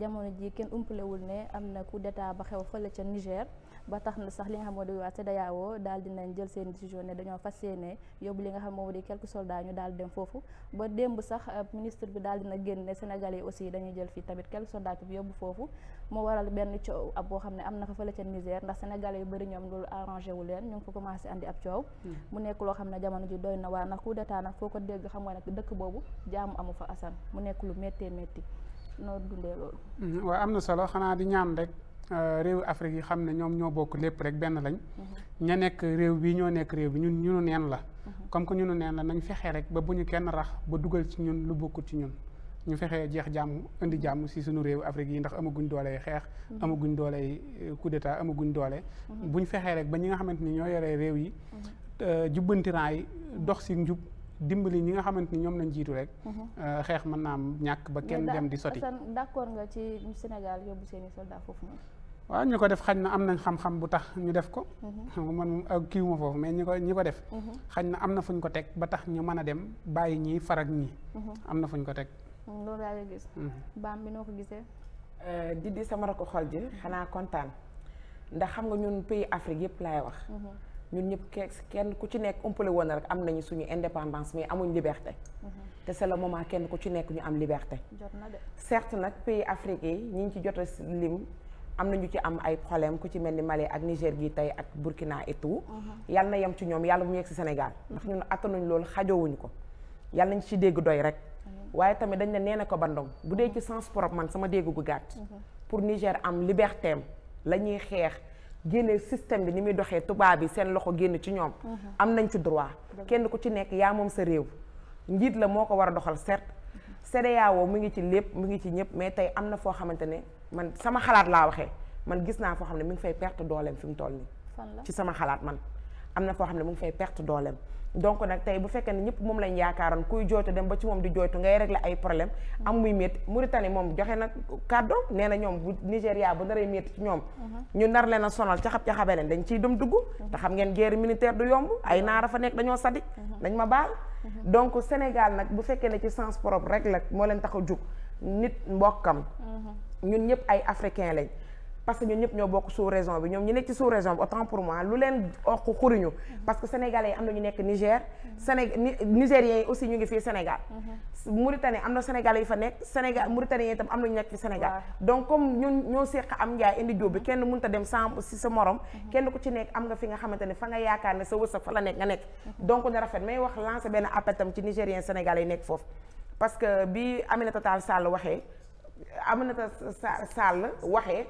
jamono ji kenn umpalewul ne am na coup d'état ba xew fële ca Niger ba tax na sax li nga xam moo di waa CEDEAO daal dinañ jël seen décision ne dañoo fas yéene yóbbu li nga xam moo di quelques soldats ñu daal dem foofu ba démb sax euh, ministre bi daal dina génn ne aussi dañuy jël fii tamit quelques soldats bi yóbbu foofu moo waral benn coow ab boo xam ne am na fa fële ca Niger ndax Sénégalais yu bëri ñoom loolu arrangé wu leen ñu ngi fa commencé andi ab hmm. mu nekk loo xam ne jamono ji doy na waa nag coup d'état nag foo ko xam nga nag dëkk boobu jaamu amu fa asan mu nekk lu méttee métti noo mm-hmm. am na solo xanaa di ñaan rek euh, réewu Afrique yi xam ne ñoom ñoo bokk lépp rek benn lañ. Mm-hmm. ña nekk réew bii ñoo nekk réew bi ñun ñunu neen la. Mm-hmm. comme que ñunu neen la nañ fexe rek ba bu ñu kenn rax ba dugal ci ñun lu bokkut ci ñun. ñu fexe jeex jàmm indi jàmm si suñu réew Afrique yi ndax amaguñ doole xeex. amaguñ doole euh, coup d'état amaguñ doole. buñ fexee rek ba ñi nga xamante ni ñoo yoree réew yi. Euh, jubbantiraan yi dox si njub. dimbali ñi nga xamante ni ñoom lañ jiitu rek. Mhm. Euh, xeex mën naa am ñàkk ba kenn dem di sotti. d' accord nga ci Sénégal yóbbu seen i soldat foofu noonu. waaw ñu ko def xañ na am nañ xam-xam bu tax ñu def ko. xam nga ma foofu mais ñi ko ñi ko def. Mhm. xañ na am na fuñ ko teg ba tax ñu mën a dem bàyyi ñii farak ñii. Mhm. am na fuñ ko teg. Mm, loolu daal di gis. baam bi ko gisee. Euh, di di sama rakk xol xanaa kontaan ndax xam nga ñun pays Afrique yëpp laay wax. ñun ñëpp kenn ku ci nekk umpale woon na rek am nañu suñu indépendance mais amuñ liberté. Mm-hmm. te c'est moment kenn ku ci nekk ñu am liberté. jot na de nag pays Afrique yi ñu ñu ci jot a lim am na ñu ci am ay problème ku ci mel ni Mali ak Niger gi tey ak Burkina et tout. Mm-hmm. yàlla na yem ci ñoom yàlla mu yegg ci senegal ndax ñun attanuñ loolu xajoowuñ ko yàlla nañ ci dégg doy rek. waaye tamit dañ ne nee na ko bandom bu dee ci mm-hmm. sens propre man sama dégg gu gàtt. pour Niger am liberté la ñuy xeex. génne système bi ni muy doxee tubaab yi seen loxo génn ci ñoom mm-hmm. am nañ ci droit kenn ku ci nekk yaa moom sa réew njiit la moo ko war a doxal certes mm-hmm. CEDEAO mu ngi ci lépp mu ngi ci ñëpp mais tey am na foo xamante ne man sama xalaat laa waxee man gis naa foo xam ne mu ngi fay perte dooleem fi mu toll nii ci sama xalaat man am na foo xam ne mu ngi fay perte dooleem donc nag tey bu fekkee ne ñëpp moom lañ yaakaaroon kuy jooytu dem ba ci moom di jooytu ngay régler ay problème mm-hmm. am muy métti Mauritanie moom joxe na kàddu nee na ñoom bu Nigéria bu naree métti ci ñoom mm-hmm. ñu nar leen a sonal ca xab ca xabe leen dañ ciy dem dugg mm-hmm. te xam ngeen guerre militaire du yomb ay naara fa nekk dañoo sadi dañ ma baal donc Sénégal nag bu fekkee ne ci sens propre rek la moo leen tax a jug nit mbokkam ñun ñëpp ay africain lañ parce que ñun ñëpp ñoo bokk sous région bi ñoom ñu nekk ci sous région bi autant pour moi lu leen okk xuriñu parce que sénégalais yi am na ñu nekk Niger Sénégal nigériens yi aussi ñu ngi fii Sénégal mu am na sénégalais yi fa nekk Sénégal Mauritanie yi itam am na ñu nekk fi Sénégal donc comme ñun ñoo séq am njaay indi jóob bi kenn mun ta dem sans si sa morom mhm. kenn ku ci nekk am nga fi nga xamante ne fa nga yaakaar ne sa wërsëg fa la nekk nga nekk mhm. donc na rafet may wax lancé benn appel tam ci nigérien sénégalais yi nekk foofu que bi Aminata Tall Sall waxee na sa Aminata Sall waxee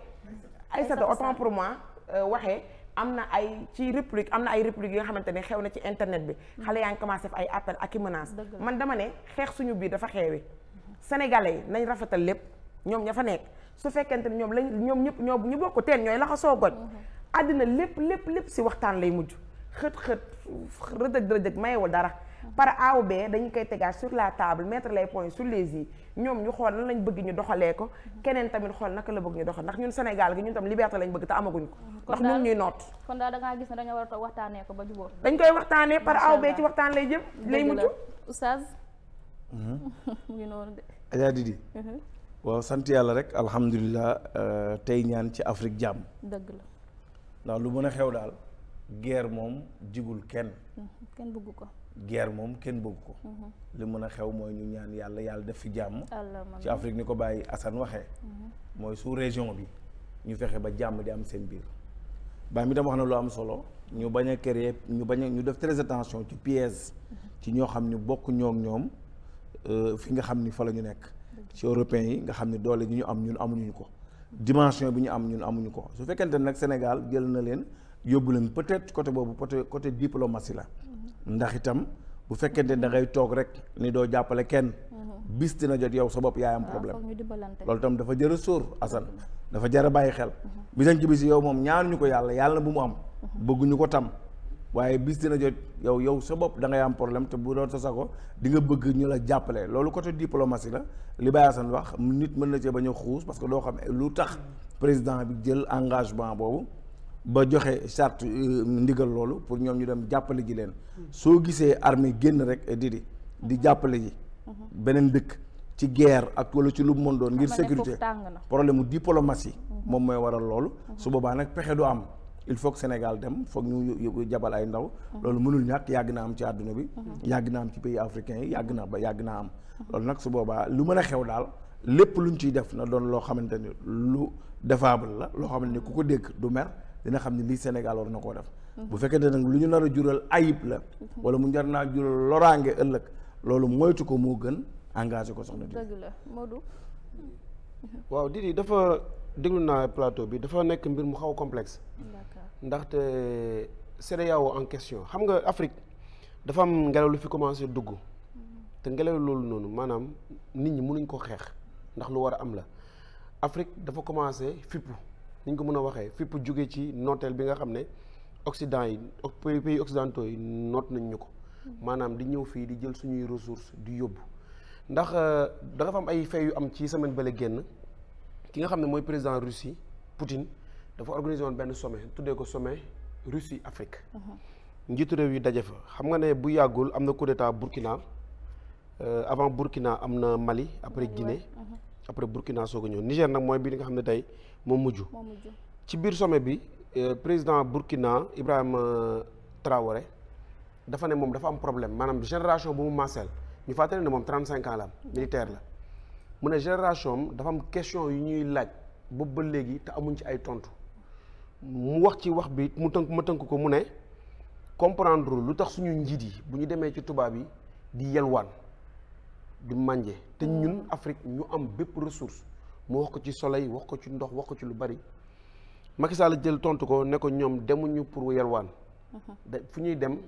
Aïssata autant pour moi euh, waxee am na ay ci réplique am na ay réplique yi nga xamante ni xew na ci internet bi mm-hmm. xale yaa ngi commencé def ay appel ak i menace man dama ne xeex suñu biir dafa xeewi sénégalais yi nañ rafetal lépp ñoom ña fa nekk su fekkente ne ñoom lañ ñoom ñëpp ñoo ñu bokk teen ñooy laxasoo goñ mm-hmm. àddina lépp lépp lépp si waxtaan lay mujj xët xët rëdëg rëdëg mayewul dara par A ou B dañu koy tegaat sur la table mettre les points sur les i ñoom ñu xool nan lañ bëgg ñu doxalee ko keneen tamit xool naka la bëgg ñu doxal ndax ñun Sénégal gi ñun tam liberté lañ bëgg te amaguñ ko ndax ñun ñuy noot kon daal da ngaa gis ne waxtaanee ko ba jubóo dañ koy waxtaanee par aw ou B ci waxtaan lay jëm lay mujj oustaz mhm. mu ngi noonu de Adja Didi mhm. waaw sant yàlla rek alhamdulilah euh, tey ñaan ci Afrique jàmm dëgg la ndax lu mën a xew daal guerre moom jigul kenn. Mhm, kenn bëgg ko. guerre moom kenn bëgg ko. Mhm. li mën a xew mooy ñu ñaan yàlla yàlla def fi jàmm. ci Afrique ni ko bàyyi Assane waxee. Mhm. mooy sous région bi ñu fexe ba jàmm di am seen biir. baa mi tam wax na lu am solo ñu bañ a créer ñu bañ a ñu def très attention ci piège. ci ñoo xam ñu bokk ñoom ñoom euh, fi nga xam ni fa la ñu nekk. ci européens yi nga xam ni doole ñu ñu am ñun amuñu ko. dimension bi ñu am ñun amuñu ko su fekkente nag Sénégal jël yóbbu leen peut-être côté boobu côté côté diplomatie la ndax itam bu fekkente da ngay toog rek ni doo jàppale kenn mm-hmm. bis dina jot yow sa bopp yaay am problème loolu tam dafa jër a sóor Assane mm-hmm. dafa jara bàyyi xel mm-hmm. bisañ ci bis yow moom ñaan ñu ko yàlla yàlla bu mu am bëgguñu ko tam waaye bis dina jot yow yow sa bopp dangay am problème te bu doon sa sago di nga bëgg ñu la jàppale loolu côté diplomatie la li Baye Assane wax nit mën na cee bañ a xuus parce que doo xam lu tax président bi jël engagement boobu ba joxe charte euh, ndigal loolu pour ñoom ñu dem jàppale ji leen soo gisee armée génn rek di di jàppale ji beneen dëkk ci guerre ak wala ci lu mu doon ngir sécurité problème mu diplomatie mhm. moom mooy waral loolu mhm. su boobaa nag pexe du am il faut Sénégal dem foog ñu jabal ay ndaw mhm. loolu mënul ñàkk yàgg na am ci àdduna bi yàgg naa am ci pays africains yi yàgg na ba yàgg naa am loolu nag su boobaa lu mën a xew daal lépp lu ñu ciy def na doon loo xamante ni lu défable la loo xamante ni ku ko dégg du mer dina xam ne lii Sénégal war na koo def mhm. bu fekkee fekkente nag lu ñu nar a jural ayib la mhm. wala mu jar naa jural loraange ëllëg loolu moytu ko moo gën engagé ko soxna dëgg la waaw Didi dafa déglu naa plateau bi dafa nekk mbir mu xaw complexe ndaxte CEDEAO en question xam nga Afrique dafa am ngelaw lu fi commencé dugg mhm. te ngelaw loolu noonu maanaam nit ñi mënuñ ko xeex ndax lu war a am la Afrique dafa commencé fippu ni ñu ko mën a waxee fipp jóge ci nooteel bi nga xam ne Occident yi pays occidentaux yi noot nañ ñu ko maanaam di ñëw fii di jël suñuy ressources di yóbbu ndax euh, da fa am ay fay yu am ci semaine bale génn ki nga xam ne mooy président Russie Poutine dafa organisé woon benn sommet tuddee ko sommet Russie Afrique uh-huh. njiitu réew yi daje fa xam nga ne bu yàggul am na coup d'état Burkina euh, avant Burkina am na Mali après Guinée uh-huh. après Burkina soog a ñëw Niger nag mooy bi nga xam ne tey moo mujj ci biir sommet bi euh, président Burkina Ibrahima Traoré dafa ne moom dafa am problème maanaam génération bu mu maaseel ñu fàttali ne moom trent ans la militaire la mu ne génération dafa am question yu ñuy laaj boobu ba léegi te amuñ ci ay tontu mu wax ci wax bi mu tënk ma tënk ko mu ne comprendre lu tax suñu njiit yi bu ñu demee ci tubaab yi di yelwaan di mànje te ñun Afrique ñu am bépp ressource mu wax ko ci soleil wax ko ci ndox wax ko ci lu bari Macky Sall jël tontu ko ne ko ñoom demuñu pour yelwaan da fu ñuy dem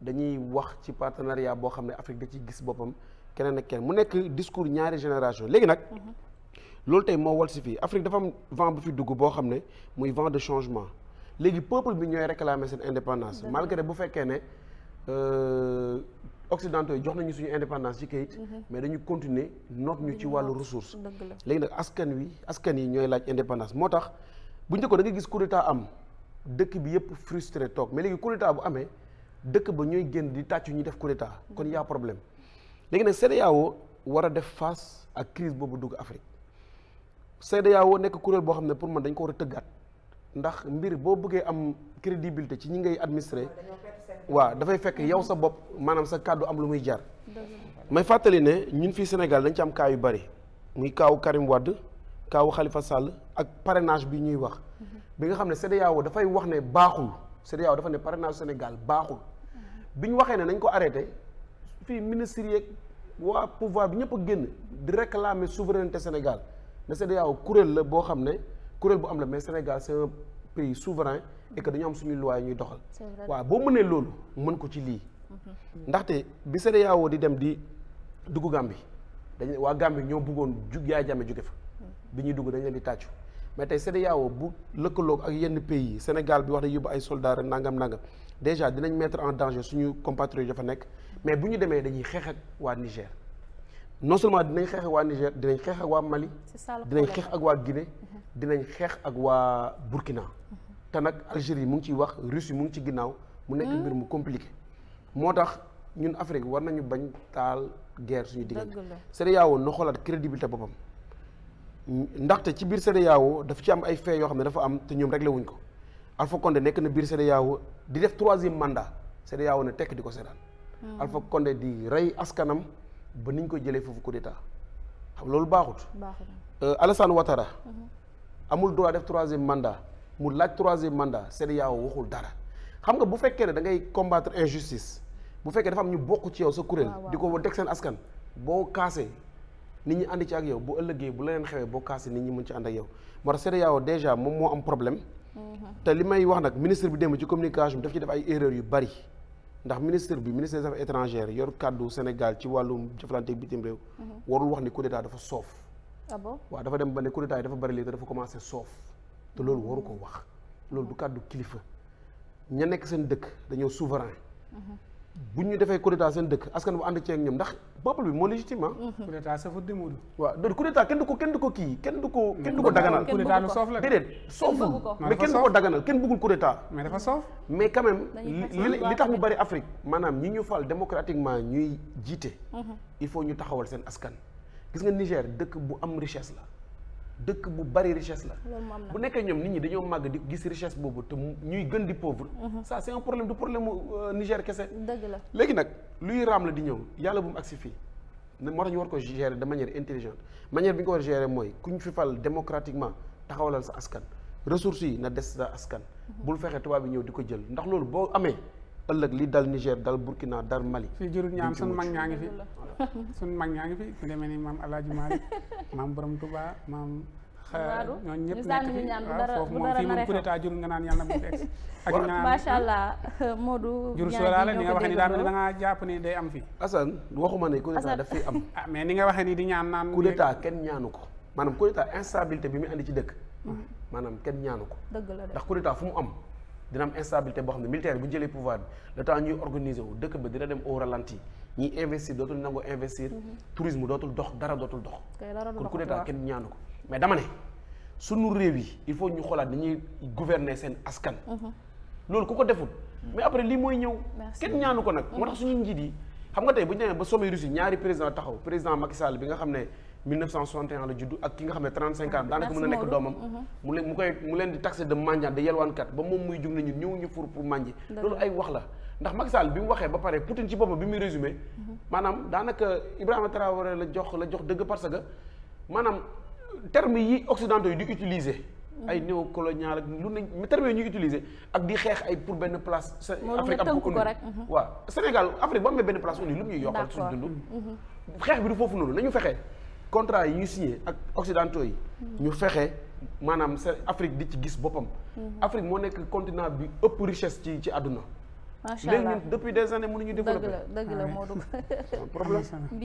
dañuy wax ci partenariat boo xam ne Afrique da ciy gis boppam keneen ak keneen mu nekk discours ñaari génération léegi nag loolu tey moo wal si fii Afrique dafa am vent bu fi dugg boo xam ne muy vent de changement léegi peuple bi ñooy réclamer seen indépendance malgré bu fekkee ne euh, occidentaux yi jox nañu suñu indépendance ci kayit mhm. mais dañu continuer noot ñu ci wàllu ressource léegi nag askan wi askan yi ñooy laaj indépendance moo tax bu njëkkoon ko nga gis coup am dëkk bi yëpp frustré toog mais léegi coup bu amee dëkk ba ñooy génn di tàccu ñuy def coup kon y'a problème léegi nag CEDEAO war a def face ak crise boobu dugg Afrique CEDEAO nekk kuréel boo xam ne pour man dañ ko war a tëggaat ndax mbir boo bëggee am crédibilité ci ñi ngay administré ah, waaw dafay fekk yow sa bopp maanaam sa kàddu am lu muy jar may fàttali ne ñun fii Sénégal dañ ci am kaa yu bari muy kaaw Karim Wade kaaw xalifa Sall ak parrainage bi ñuy wax mm-hmm. bi nga xam ne CEDEAO dafay wax ne baaxul CEDEAO dafa ne parrainage Sénégal baaxul mm-hmm. bi ñu waxee ne nañ ko arrêté fii ministre yeeg waa pouvoir bi ñëpp a génn di réclamer souveraineté Sénégal ne CEDEAO kuréel la boo xam ne kuréel bu am la mais Sénégal c'est un pays souverain et que dañu am suñu loi ñuy doxal waaw boo mënee loolu mën ko ci lii mhm. ndaxte bi CEDEAO di dem di dugg Gàmbi dañ waa gambi ñoo bëggoon jug yaay jàmme jóge fa mhm. bi ñuy dugg dañ leen di tàccu mais tey CEDEAO bu lëkkaloo ak yenn pays yi Sénégal bi wax ne yóbbu ay soldats nangam nangam déjà dinañ mettre en danger suñu compatriotes dafa nekk mais bu ñu demee dañuy xeex ak waa Niger non seulement dinañ xeex ak waa Niger dinañ xeex ak waa Mali dinañ xeex ak waa Guinée mhm. dinañ xeex ak waa Burkina te nag Algérie mu ngi ciy wax Russie mu ngi ci ginnaaw mu nekk hmm. mbir mu compliqué moo tax ñun Afrique war nañu bañ taal guerre suñu diggante CEDEAO na xoolaat te boppam ndaxte ci biir CEDEAO daf ci am ay fait yoo xam ne dafa am te ñoom réglé wuñ ko Alpha Condé nekk na biir CEDEAO di def troisième mandat CEDEAO ne tekk di ko seetaan hmm. Alpha Condé di rey askanam ba niñ ko jëlee foofu coup xam loolu baaxut euh, Alassane Ouattara hmm. amul droit def troisième mandat mu laaj troisième mandat CEDEAO waxul dara xam nga bu fekkee ne da ngay combattre injustice bu fekkee dafa am ñu bokk ci yow sa kuréel di ko teg seen askan boo kaasee nit ñi ànd ci ak yow bu ëllëgee bu leneen xewee boo kaasee nit ñi mën ci ànd ak yow a tax CEDEAO déjà moom moo am problème mhm. te li may wax nag ministre bi dem ci communication bi daf ci def ay erreurs yu bari ndax ministre bi ministre des affaires yor kàddu Sénégal ci wàllum jëflante bitim réew mhm. warul wax ni coup d'état dafa soof ah waaw dafa dem ba ne coup d'état yi dafa bari léegi te dafa commencé soof te loolu waru ko wax loolu du kàddu kilifa ña nekk seen dëkk dañoo souverain bu ñu defee coup d'état seen dëkk askan bu ànd ci ak ñoom ndax peuple bi moo légitime ah. coup waaw donc kenn du ko kenn du ko kii kenn du ko. kenn du ko daganal coup d'état lu soof la déedéet sooful mais kenn du ko daganal kenn bëggul coup d'état mais dafa soof mais quand même li li tax mu bari Afrique maanaam ñi ñu fal démocratiquement ñuy jiite. Mhm. il faut ñu taxawal seen askan. gis nga Niger dëkk bu am richesse la. dëkk bu bari richesse la bu nekkee ñoom nit ñi dañoo màgg di gis richesse boobu te ñuy gën di pauvre mhm. ça c'est un problème du problème euh, Niger kese léegi nag luy raam la di ñëw yàlla bu mu agsi fii moo tax ñu war ko gérer de manière intelligente manière bi ñu ko war gérer mooy ku ñu fi fal démocratiquement taxawalal sa askan ressources yi na des sa askan mhm. bul fexe tubaab bi ñëw di ko jël ndax loolu boo amee ëllëg li dal Niger dal Burkina dar Mali. fii jurut ñaam sunu mag ñaa ngi fi suñ mag ñaa ngi fi ku demee ni maam El Hadj Malick maam Borom Touba maam. ñooñu ñëpp nekk fi waaw foofu nga naan yàlla bu fekk. ak ñaar jur sóoraale ni nga waxee ni daa mel da jàpp ni day am fii. Assane waxuma ne coup d'état daf fi am. ah mais ni nga waxee ni di ñaan naan. coup kenn ñaanu ko maanaam coup instabilité bi mu andi ci dëkk. Mm. maanaam kenn ñaanu ko. dëgg la ndax coup fu mu am dina am instabilité boo xam ne militaire bu jëlee pouvoir bi le temps ñuy organiser wu dëkk bi dina dem au ralenti ñiy investir dootul nangoo investir. Mhm. tourisme dootul dox dara dootul dox. kon coup d'état kenn ñaanu ko mais dama ne sunu réew yi il faut ñu xoolaat dañuy ñuy gouverner seen askan. Mhm. loolu ku ko deful. mais après lii mooy ñëw. kenn ñaanu ko nag. moo tax mhm. suñu njiit yi xam nga tey bu ñu demee ba sommet Russie ñaari président taxaw président Macky Sall bi nga xam ne. 1961 la juddu ak ki nga xam ne 35 ans ah, daanaka mën a nekk doomam. Mm-hmm. mu leen mu koy mu leen di taxé de mendiant de yelwaankat ba moom muy jug nañu ñëw ñu pour pour mànji loolu ay wax la ndax Macky bi mu waxee ba pare Poutine ci boppam bi muy résumé. Mm-hmm. maanaam daanaka Ibrahima Traoré la jox la jox dëgg parce que maanaam terme yi occidentaux yi di utiliser. Mm-hmm. ay néocolonial ak lu ne termes yi ñuy utiliser ak di xeex ay pour benn place. Afrique am ko rek waaw Sénégal Afrique benn place unie foofu noonu nañu fexe. contrat yi ñu signé ak occidentaux yi. ñu fexe maanaam seen Afrique di ci gis boppam. Mhm. Afrique moo nekk continent bi ëpp richesse ci ci àdduna. macha allah léegi depuis des années mënuñu développé. dëgg la dëgg la ah Modou problème.